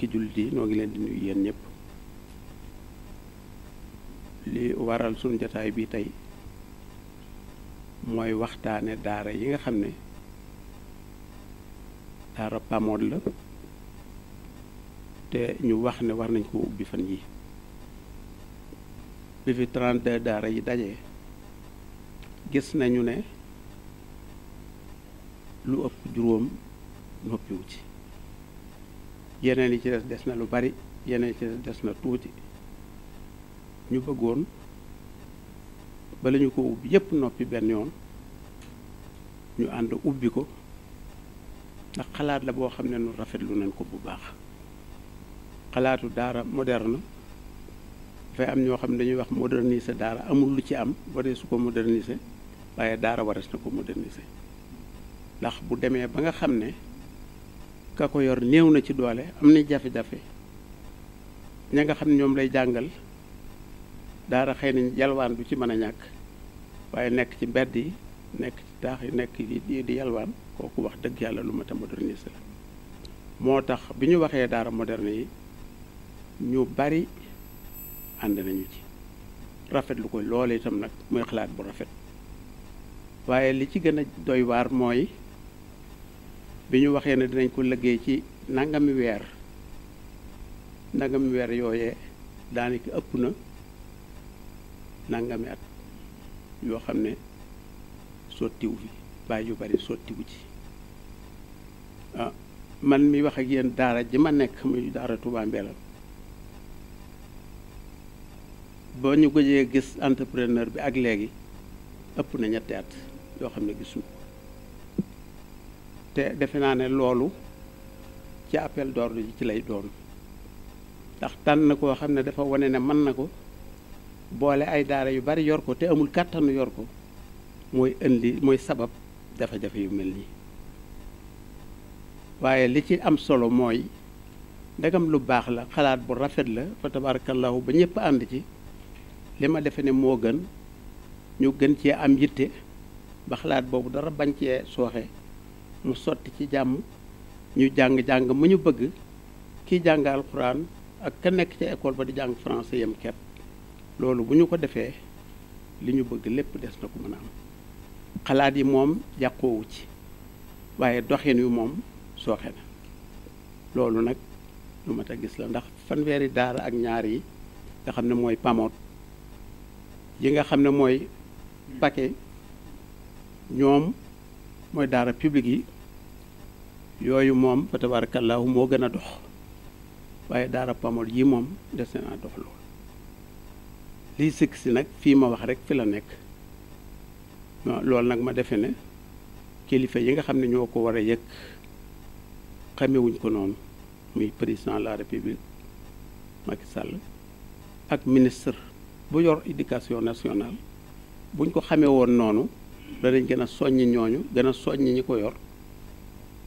mbokki jullit yi noo ngi leen di nuyu yéen ñëpp li waral sunu jataay bi tey mooy waxtaane daara yi nga xam ne daara pamood la te ñu wax ne war nañ koo ubbi fan yi bi fi 32 daara yi daje gis nañu ne lu ëpp juróom noppiwu ci yeneen yi ci des na lu bari yeneen ci des na tuuti ñu bëggoon bala ñu ko ubbi yépp noppi benn yoon ñu ànd ubbi ko ndax xalaat la boo xam ne nu rafetlu nañ ko bu baax xalaatu daara moderne dafay am ñoo xam ne dañuy wax moderniser daara amul lu ci am waree su ko moderniser waaye daara warees na ko moderniser ndax bu demee ba nga xam ne ka ko yor néew na ci doole am na jafe-jafe ña nga xam ñoom lay jàngal daara xëy na yalwaan bu ci mën a ñàkk waaye nekk ci mbedd yi nekk ci taax yi nekk di yalwaan kooku wax dëgg yàlla lu mat a moderniser la moo tax bi ñu waxee daara moderne yi ñu bari ànd nañu ci rafet lu ko loolu itam nag muy xalaat bu rafet waaye li ci gën a doy waar mooy bi ñu waxee ne dinañ ko liggéey ci mi weer nangami weer yooyee daanaka ëpp na nangami at yoo xam ne sottiwu fi bàyyi yu bari sottiwu ci ah, man mi wax ak yéen daara ji ma nekk muy daara Touba Mbélan boo ñu gëjee gis entrepreneur bi ak léegi ëpp na ñetti at yoo xam ne gisuñu te defe naa ne loolu ci appel door ji ci lay doon ndax tànn koo xam ne dafa wane ne mën na ko boole ay daara yu bari yor ko te amul kàttanu yor ko mooy indi mooy sabab jafe-jafe yu mel nii waaye li ci am solo mooy ndegam lu baax la xalaat bu rafet la fa tabarakallahu ba ñëpp ànd ci li ma defe ne moo gën ñu gën cee am yitte ba xalaat boobu dara bañ cee sooxe mu sotti ci jàmm ñu jàng-jàng mu ñu bëgg kiy jàng alxuraan ak ka nekk ca école ba di jàng français yam kepp loolu bu ñu ko defee li ñu bëgg lépp des na ko mën a am xalaat yi moom yàqoowu ci waaye doxin wi moom sooxe na loolu nag lu mat a gis la ndax fanweeri daara ak ñaar yi nga xam ne mooy pamoot yi nga xam ne mooy paquet ñoom mooy daara publique yi yooyu moom fa tabaarakallaahu moo gën a dox waaye daara pamol yi moom des na dox lool liy sëkk nag fii ma wax rek fi la nekk loolu nag ma defe ne kilifa yi nga xam ne ñoo ko war a yëg xamewuñ ko noonu muy président de la république Macky Sall ak ministre bu yor éducation nationale buñ ko xamee woon noonu nañ gën a soññ ñooñu gën a soññ ñi ko yor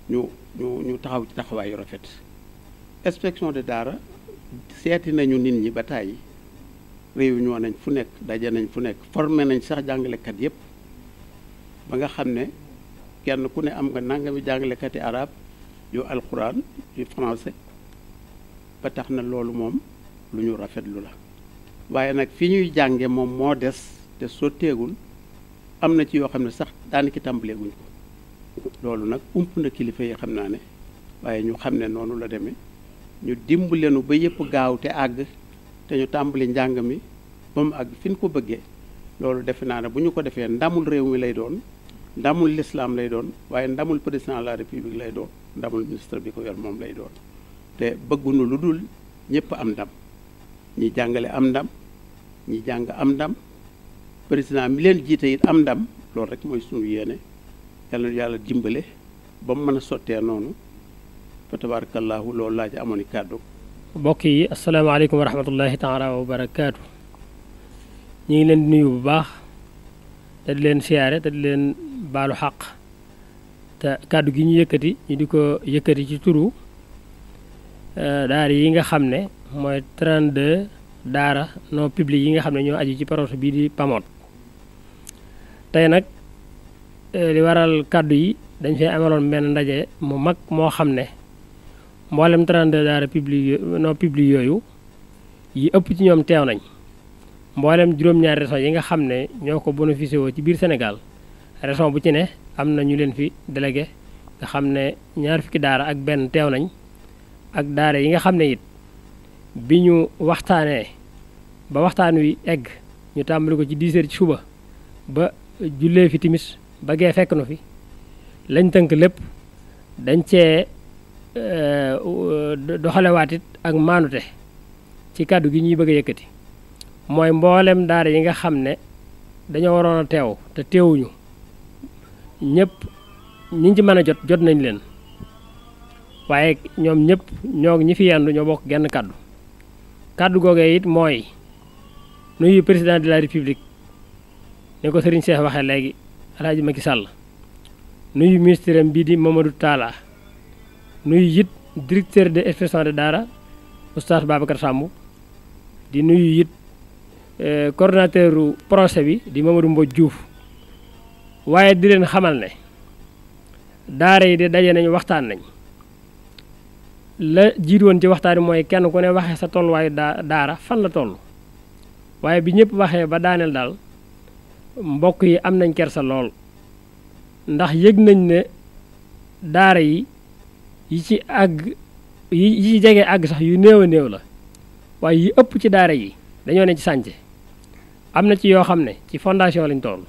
ñu ñu ñu taxaw ci taxawaay rafet inspection de daara seeti nañu nit ñi ba tàyyi réunion nañ fu nekk daje nañ fu nekk formé nañ sax jàngalekat yépp ba nga xam ne kenn ku ne am nga nangami jàngalekati arab yu alquran yu français ba tax na loolu moom lu ñu rafetlu la waaye nag fi ñuy jànge moom moo des te sotteegul am na ci yoo xam ne sax daanaka tàmbalee guñ ko loolu nag ump na kilifa yi xam naa ne waaye ñu xam ne noonu la demee ñu dimbali nu ba yëpp gaaw te àgg te ñu tàmbali njàng mi ba mu àgg fi ko bëggee loolu defe naa ne bu ñu ko defee ndamul réew mi lay doon ndamul lislaam lay doon waaye ndamul président de la république lay doon ndamul ministre bi ko yor moom lay doon te bëggunu lu dul ñëpp am ndam ñi jàngale am ndam ñi jàng am ndam président mi leen jiite it am ndam loolu rek mooy sunu yéene yàlla na yàlla dimbale ba mu mën a sottee noonu fa tabaarakallaahu loolu laa ci amoon i kàddu mbokk yi asalaamaaleykum wa rahmatullahi taala wa barakaatu ñu ngi leen di nuyu bu baax te di leen siyaare te di leen baalu xaq te kàddu gi ñu yëkkati ñu di ko yëkkati ci turu eh, daara yi nga xam ne mooy 32 daara non public yi nga xam ne ñoo aj ci projet bii di PAMOD tey nag eh, li waral kàddu yi dañ fee amaloon benn ndaje mu mag moo xam ne mboolem 32 daara public non public yooyu yi ëpp ci ñoom teew nañ mboolem juróom-ñaari région yi nga xam ne ñoo ko bénéficié woo ci biir Sénégal région bu ci ne am na ñu leen fi délégué nga xam ne ñaar fukki daara ak benn teew nañ ak daara yi nga xam ne it bi ñu waxtaanee ba waxtaan wi egg ñu tàmbali ko ci 10 ci suba ba. jullee fi timis ba gee fekk nu fi lañ tënk lépp dañ cee eh, doxalewaat it ak maanute ci kàddu gi ñuy bëgg a yëkkati mooy mboolem daara yi nga xam ne dañoo waroon a teew te teewuñu ñëpp ñi ci mën a jot jot nañ leen waaye ñoom ñëpp ñoo ñi fi yendu ñoo bokk genn kàddu kàddu googee it mooy nuyu président de la république ne ko Serigne Cheikh waxee léegi alaaji Macky Sall nuyu ministre am bii di Mamadou Talla nuyu it directeur de inspection de daara oustaz Babacar Samb di nuyu it euh, coordonnateur u projet bi di Mamadou Mbodj Diouf waaye di leen xamal ne daara yi de daje nañu waxtaan nañ la jiit woon ci waxtaan bi mooy kenn ku ne waxee sa tolluwaayu daa daara fan la toll waaye bi ñëpp waxee ba daaneel daal mbokk yi am nañ kersa lool ndax yég nañ ne daara yi yi ci àgg yi yi ci jege àgg sax yu néew a néew la waaye yi ëpp ci daara yi dañoo ne ci sànce am na ci yoo xam ne ci fondation lañ toll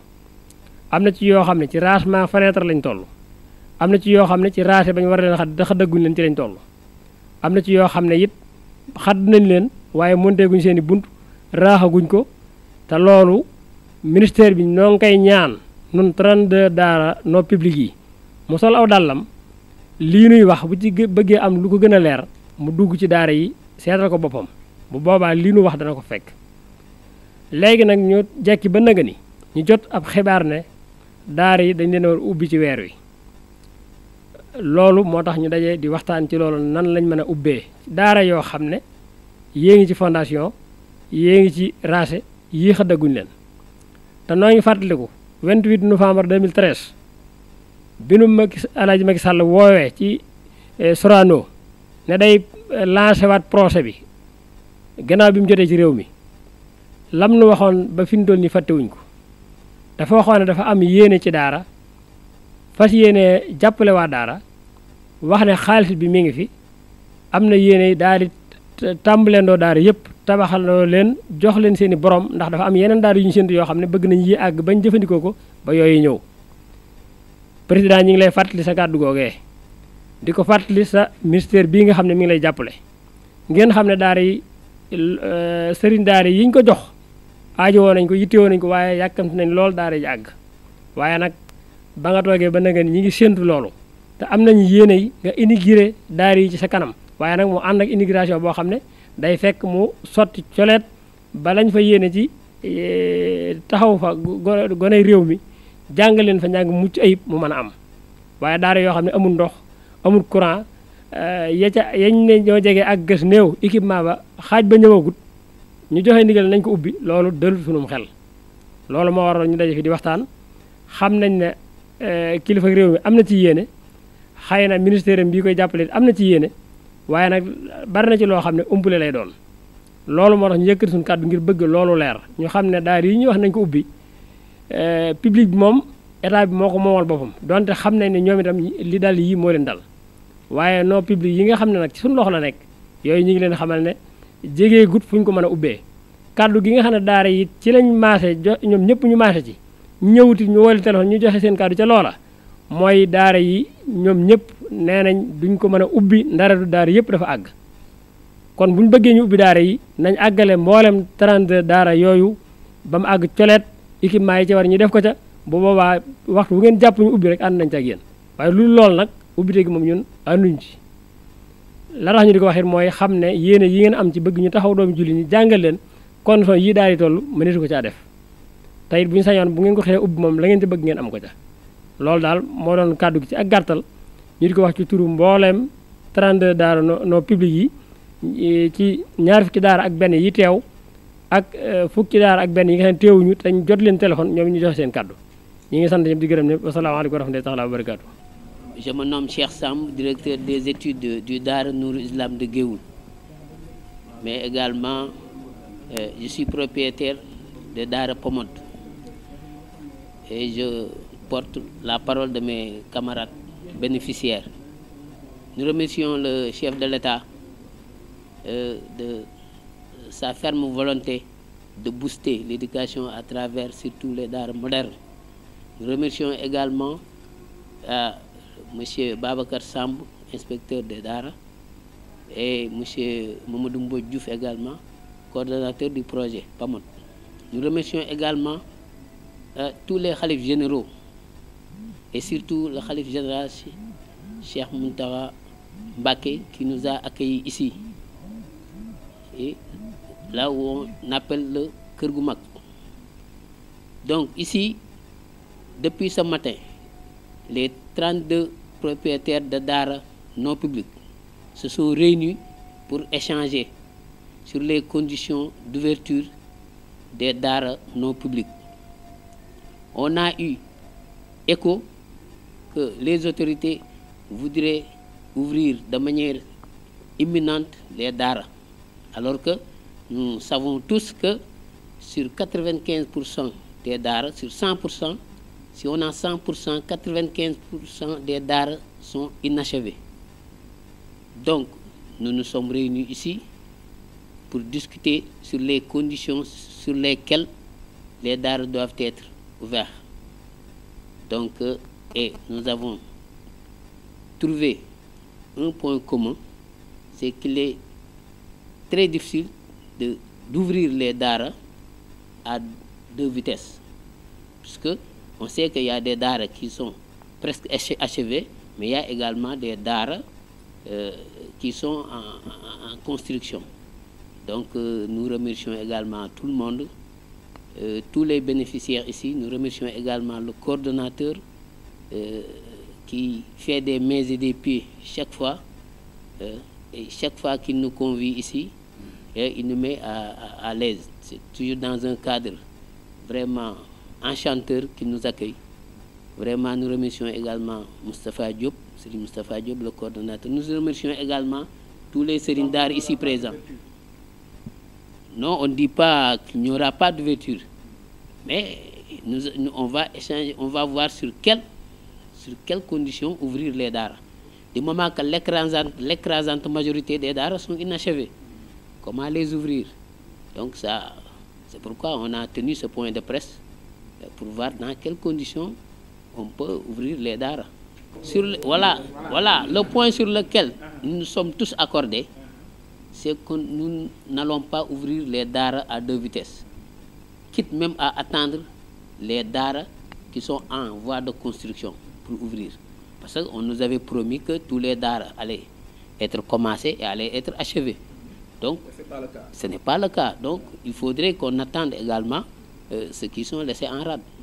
am na ci yoo xam ne ci rangement fenêtre lañ toll am na ci yoo xam ne ci rangé bañ war leen xat daxa dëgguñ leen ci lañ toll am na ci yoo xam ne it xadd nañ leen waaye monteeguñ seen i bunt raaxaguñ ko te loolu ministère bi noo ngi koy ñaan nun 32 daara no public yi mu sol aw dàllam lii nuy wax bu ci bëggee am lu ko gën a leer mu dugg ci daara yi seetal ko boppam bu boobaa lii nu wax dana ko fekk léegi nag ñu jekki ba naga ni ñu jot ab xibaar ne daara yi dañ leen war ubbi ci weer wi loolu moo tax ñu dajee di waxtaan ci loolu nan lañ mën a ubbee daara yoo xam ne yée ngi ci fondation yee ngi ci racé yii xëddaguñ leen te noo ngi fàttaliku 28 novembre 2013 bi nu Macky Alaaji Macky Sall woowee ci eh, Sorano ne day eh, lancé waat procès bi gannaaw bi mu jotee ci réew mi lam nu waxoon ba fi mu toll nii fàttewuñ ko dafa waxoon ne dafa am yéene ci daara fas yéene jàppale waa daara wax ne xaalis bi mi ngi fi am na yéene daal di tàmbaleendoo daara yëpp tabaxaloo leen jox leen seen i borom ndax dafa am yeneen daar yu ñu séntu yoo xam ne bëgg nañ yi àgg bañ jëfandikoo ko ba yooyu ñëw président ñi ngi lay fàttali sa kàddu googee di ko fàttali sa ministère bii nga xam ne mi ngi lay jàppale ngeen xam ne daar yi euh, sëriñ daara yi ñu ko jox aajo woo nañ ko woo nañ ko waaye yàkkamti nañ lool daara ji àgg waaye nag ba nga toogee ba nag ñi ngi séntu loolu te am nañu yéene yi nga inaugurer daara yi ci sa kanam waaye nag mu ànd ak inauguration boo xam ne day fekk mu sotti coleet ba lañ fa yéene ci e, taxaw fa goney réew mi jàngal leen fa njàng mucc ayib mu mën a am waaye daara yoo xam ne amul ndox amul courant euh, ya ca yañ ne ñoo jege ak gës néew équipement ba xaaj ba ñëwagut ñu joxe ndigal nañ ko ubbi loolu dëlu sunum xel loolu moo waroon ñu daje fi di waxtaan xam nañ ne euh, kilifa réew mi am na ci yéene xëy na ministère bii koy jàppale am na ci yéene waaye nag bari na ci loo xam ne umpule lay doon loolu moo tax ñu yëkkati suñu kàddu ngir bëgg loolu leer ñu xam ne daar yi ñuy wax nañ ko ubbi eh, public bi moom état bi moo ko moomal boppam donte xam nañ ne ñoom itam li dal yii moo leen dal waaye noo public yi nga xam ne nag ci suñu loxo la nekk yooyu ñu ngi leen xamal ne jege gut fu ñu ko mën a ubbee kàddu gi nga xam ne daara yi ci lañ maase jo ñoom ñëpp ñu maase ci ñëwuti ñu woolu téléphone ñu joxe seen kàddu ca loola mooy daara yi ñoom ñëpp nee nañ duñ ko mën a ubbi ndara du daara yëpp dafa àgg kon bu ñu bëggee ñu ubbi daara yi nañ àggale mboolem 32 daara yooyu ba mu àgg coleet équipement yi ci war ñu def ko ca bu boobaa waxtu bu ngeen jàpp ñu ubbi rek ànd nañ ci ak yéen waaye lu lool nag ubbite gi moom ñun ànduñ ci la tax ñu di ko waxit mooy xam ne yéene yi ngeen am ci bëgg ñu taxaw doomu julli ñi jàngal leen condition yii daal di toll mëneesu ko caa def te it bu ñu sañoon bu ngeen ko xëyee ubbi moom la ngeen ci bëgg ngeen am ko ca loolu daal moo doon kàddu gi ci ak gàttal ñu di ko wax ci turu mbooleem 32 daara no public yi e, ci ñaar fukki daara ak benn yi teew ak e, fukki daara ak benn yi nga xam ne teewuñu te ñu jot leen téléphone ñoom ñu joxe seen kàddu ñi ngi sant ñëpp di gërëm ñëpp wasalaamaaleykum wa rahmatullahi taala wa barakaatu Je me nomme Cheikh Sam, directeur des études du Dar Nour Islam de Géoul. Mais également, euh, je suis propriétaire de Dar Pomod. porte la parole de mes camarades bénéficiaires. Nous remercions le chef de l'État euh, de sa ferme volonté de booster l'éducation à travers surtout les dards modernes. Nous remercions également à M. Babakar Samb, inspecteur des DARA, et M. Mamadou Diouf également, coordonnateur du projet PAMOT. Nous remercions également euh, tous les khalifs généraux et surtout le khalife général Cheikh Muntawa Mbake qui nous a accueillis ici. Et là on appelle le Kergoumak. Donc ici, depuis ce matin, les 32 propriétaires de daara non publics se sont réunis pour échanger sur les conditions d'ouverture des Dara non publics. On a eu écho que les autorités voudraient ouvrir de manière imminente les daara alors que nous savons tous que sur 95 pour cent des daara sur 100 pour cent si on a 100 pour cent 95 pour cent des daara sont inachevés donc nous nous sommes réunis ici pour discuter sur les conditions sur lesquelles les daara doivent être ouverts euh, et nous avons trouvé un point commun, c'est qu'il est très difficile de, d'ouvrir les daras à deux vitesses. Puisque on sait qu'il y a des daras qui sont presque achevés, mais il y a également des daras euh, qui sont en, en construction. Donc euh, nous remercions également tout le monde, euh, tous les bénéficiaires ici, nous remercions également le coordonnateur euh, qui fait des mains et des pieds chaque fois. Euh, et chaque fois qu'il nous convie ici, mm. euh, il nous met à, l'aise. C'est toujours dans un cadre vraiment enchanteur qui nous accueille. Vraiment, nous remercions également Mustapha Diop, Serine Mustapha Diop, le coordonnateur. Nous remercions également tous les Serindars ici présents. Non, on ne dit pas qu'il n'y aura pas d'ouverture, mais on va échanger, on va voir sur quel sur quelles conditions ouvrir les daara du moment que l'écrasante l'écrasante majorité des daara sont inachevées comment les ouvrir donc ça c'est pourquoi on a tenu ce point de presse euh, pour voir dans quelles conditions on peut ouvrir les daara sur le, voilà voilà le point sur lequel nous nous sommes tous accordés c'est que nous n'allons pas ouvrir les daara à deux vitesses quitte même à attendre les daara qui sont en voie de construction pour ouvrir. Parce qu'on nous avait promis que tous les dars allaient être commencés et allaient être achevés. Donc, pas le cas. ce n'est pas le cas. Donc, il faudrait qu'on attende également euh, ceux qui sont laissés en rade.